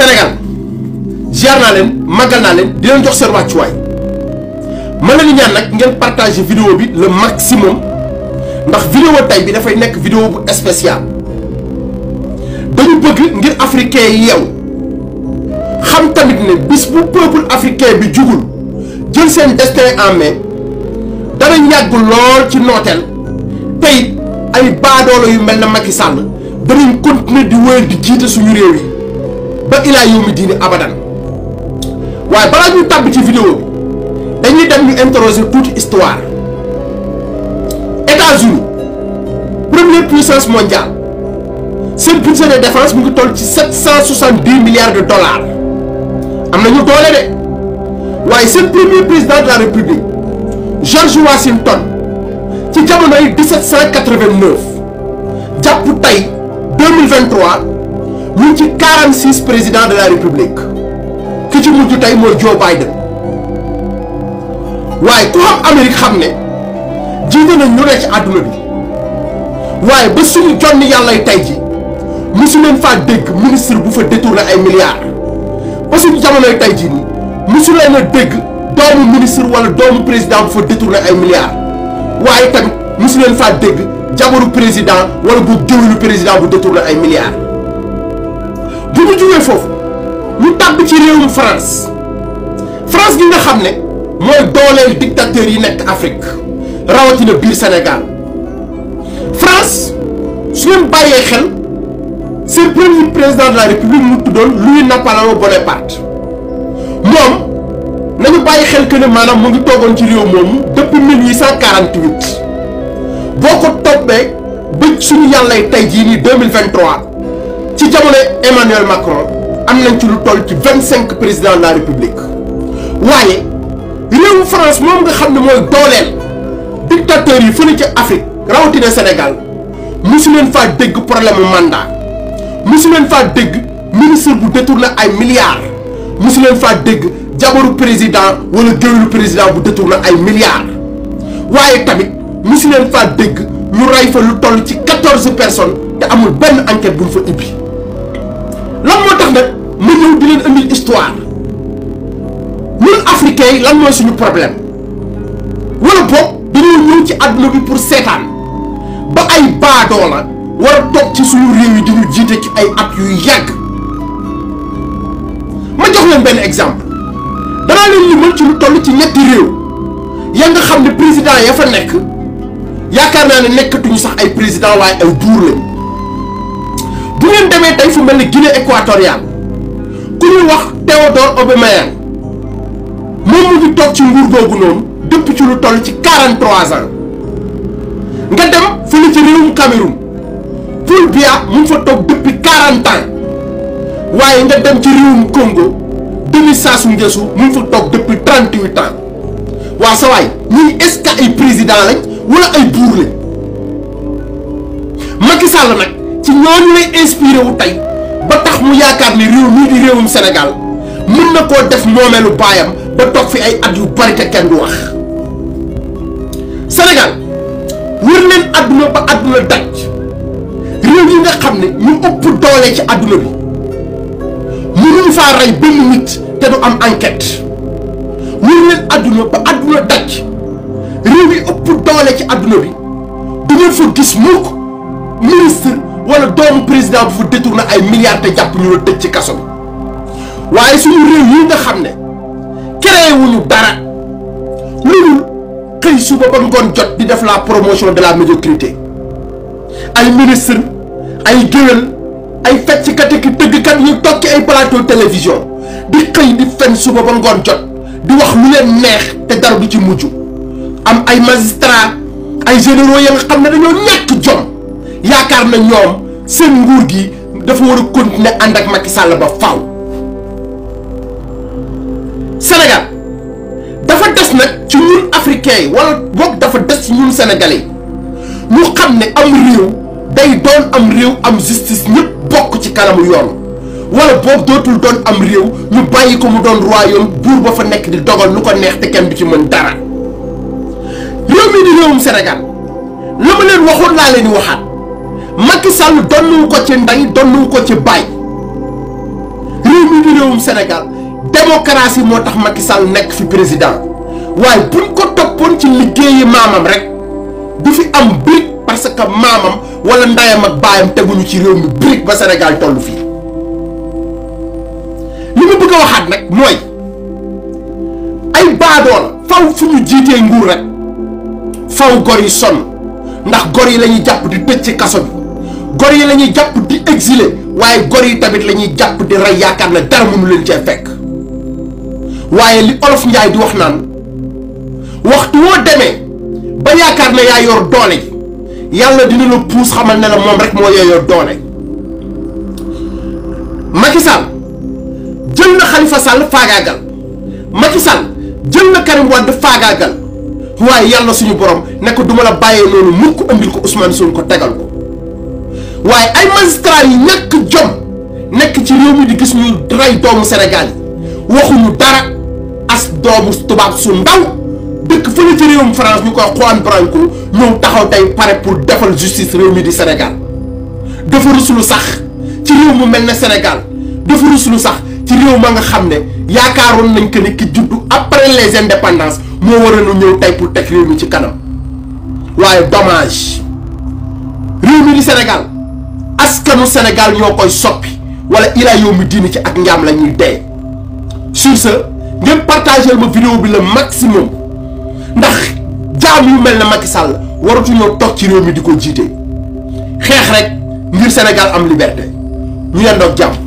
Sénégal jaar naa leen màggal leen di jox seen wàccuwaay mën nañu ñaan nag ngeen partager vidéo bi le maximum ndax vidéo tay bi dafay nekk vidéo bu spécial dañu bëgg ngir africain yi yeew xam tamit ne bis bu peuple africain bi jugul jël seen destin en main danañ yàgg lool ci nooteel tey ay baadoolo yu mel na Macky Sall danañ continuer di wër di jiite suñu réew yi ba ilaa yawmi diini abadan waaye balaa ñu tàbb ci vidéo bi dañuy dem ñu interroger toute histoire États-Unis première puissance mondiale seen budget de défense mu ngi toll ci sept cent soixante dix milliards de dollars am nañu doole de waaye seen premier président de la république George Washington ci jamonoy dix sept cent quatre vingt neuf jàpp tey mu ngi ci 46 présidents de la république ki ci mujj tey mooy Joe Biden waaye ku xam Amérique xam ne jiite nañ ñu ne ci àdduna bi waaye ba suñu jonni yàllay tey ji mosu leen faa dégg ministre bu fa détourné ay milliards ba suñu jamonoy tey ji nii mosu leen a dégg doomu ministre wala doomu président bu fa détourné ay milliards waaye tamit mosu leen faa dégg jabaru président wala bu jëwinu président bu détourné ay milliards bu mu foofu mu tàbb ci réewum France France gi nga xam ne mooy dooleel dictateur yi nekk Afrique rawatina biir Sénégal France su ngeen bàyyee xel seen premier président de la République mu tuddoon Louis Napoléon Bonaparte moom nañu bàyyi xel que ne maanaam mu ngi toogoon ci réew moomu depuis 1848 boo ko toppee ba suñu yàllay tey jii nii 2023 ci jamonoy Emmanuel Macron am nañ ci lu toll ci vingt cinq président de la république waaye réewu France moom nga xam ne mooy dooleel dictateurs yi fële ci Afrique rawatina Sénégal mosu leen faa dégg problème mu mandat mosu leen faa dégg ministre bu détourné ay milliards mosu leen faa dégg jabaru président wala géwélu président bu na ay milliards waaye tamit mosu leen faa dégg ñu rey fa lu toll ci quatorze personnes te amul benn enquête bu ñu fa ubbi lan moo tax nag ma ñëw di leen indil histoire ñun africains yi lan mooy suñu problème wala boog dañoo ñëw ci àdduna bi pour seetaan ba ay baadoo la war a toog ci suñu réew yi di ñu jiite ci ay at yu yàgg ma jox leen benn exemple danaa leen limal ci lu toll ci ñetti réew ya nga xam ne président ya fa nekk yaakaar naa ne nekkatuñu sax ay président waaye ay buur lañ bu ngeen demee tey fu mel ni Guinée équatoriale ku ñuy wax Théodore Obiang moom mu ngi toog ci nguur googu noonu dëpp ci lu toll ci 43 ans nga dem fële ci réewum Cameroun Paul Biya mu ngi fa toog depuis 40 ans waaye nga dem ci réewum Congo Denis Sassou Nguesso mu fa toog depuis 38 ans waa sa waay ñii est ay président lañ wala ay buur lañ Macky nag ci ñooñu lay inspiré wu tey ba tax mu yaakaar ni réew mii di réewum Sénégal mën na koo def moomeelu baayam ba toog fi ay at yu te kenn du wax Sénégal wër leen àdduna ba àdduna daj réew yi nga xam ne ñu ëpp doole ci àdduna bi mënuñu faa rey benn nit te du am enquête wër leen àdduna ba àdduna daj réew yi ëpp doole ci àdduna bi du ngeen fa gis mukk ministre wala doomu président bu fa na ay milliards te jàpp ñu la tëj ci kaso bi waaye suñu réew yi nga xam ne créé wuñu dara loolu xëy suba ba ngoon jot di def la promotion de la médiocrité ay ministre ay géwél ay fecckat ak tëggkat ñu toog ci ay plateau télévision di xëy di fen suba ba ngoon jot di wax lu leen neex te dara bu ci mujj am ay magistrat ay généraux ya nga xam ne dañoo ñàkk jom yaakaar na ñoom seen nguur gi dafa war a ànd ak Macky sàll ba faw Sénégal dafa des nag ci ñun africains yi wala boog dafa des ci ñun sénégalais yi ñu xam ne am réew day doon am réew am justice ñëpp bokk ci kanamu yoon wala boog dootul doon am réew ñu bàyyi ko mu doon royaume buur ba fa nekk di dogal lu ko neex te kenn du ci mën dara réew mi di réewum senegal la ma leen waxoon laa leen di waxaat Macky Sall donnuwu ko ci ndey donnuwu ko ci baay réew mi di réewum Sénégal démocratie moo tax Macky Sall nekk fi président waaye buñ ko toppoon ci liggéeyi maamam rek du fi am brique parce que maamam wala ndayam ak baayam teguñu ci réew mi brique ba senegal toll fii li mu bëgg a waxaat nag mooy ay baadoola faw fu ñu jiitee nguur rek faw gor yi sonn ndax gor yi la ñuy jàpp di tëj ci kaso bi gor yi la jàpp di exilé waaye gor yi tamit la ñuy jàpp di rey yaakaar na dara mënu leen cee fekk waaye li olof njaay di wax naan waxtu woo demee ba yaakaar na yaa yor doole ji yàlla dina la puus xamal ne moom rek moo yooyor doole Macky Sall jël na Khalifa Sall faagaagal Macky Sall jël na Karim Wade faagaagal waaye yàlla suñu borom ne ko duma la bàyyee noonu mukk andil ko Ousmane Sonko tegal ko waaye ay magistrat yu ñàkk jom nekk ci réew mi di gis ñuy rey doomu Sénégal yi waxuñu dara as doomu tubaab su ndaw dëkk fële ci France ñu koy Juan Branco ñëw taxaw tey pour defal justice réew mi di Sénégal dafa ruslu sax ci réew mu mel ne Sénégal dafa ruslu sax ci réew ma nga xam ne yaakaaroon nañ que ni ki juddu après les indépendances moo waroon ñëw tey pour teg réew mi ci kanam waaye dommage réew mi di Sénégal askanu senegal ñoo koy soppi wala ila yow mi diini ci ak njaam la ñuy dee sur ce ngeen partagé ma vidéo bi le maximum ndax jaam yu mel ne Macky Sall waratuñoo toog ci réew mi di ko jiite xeex rek ngir Sénégal am liberté ñu yendoog jàmm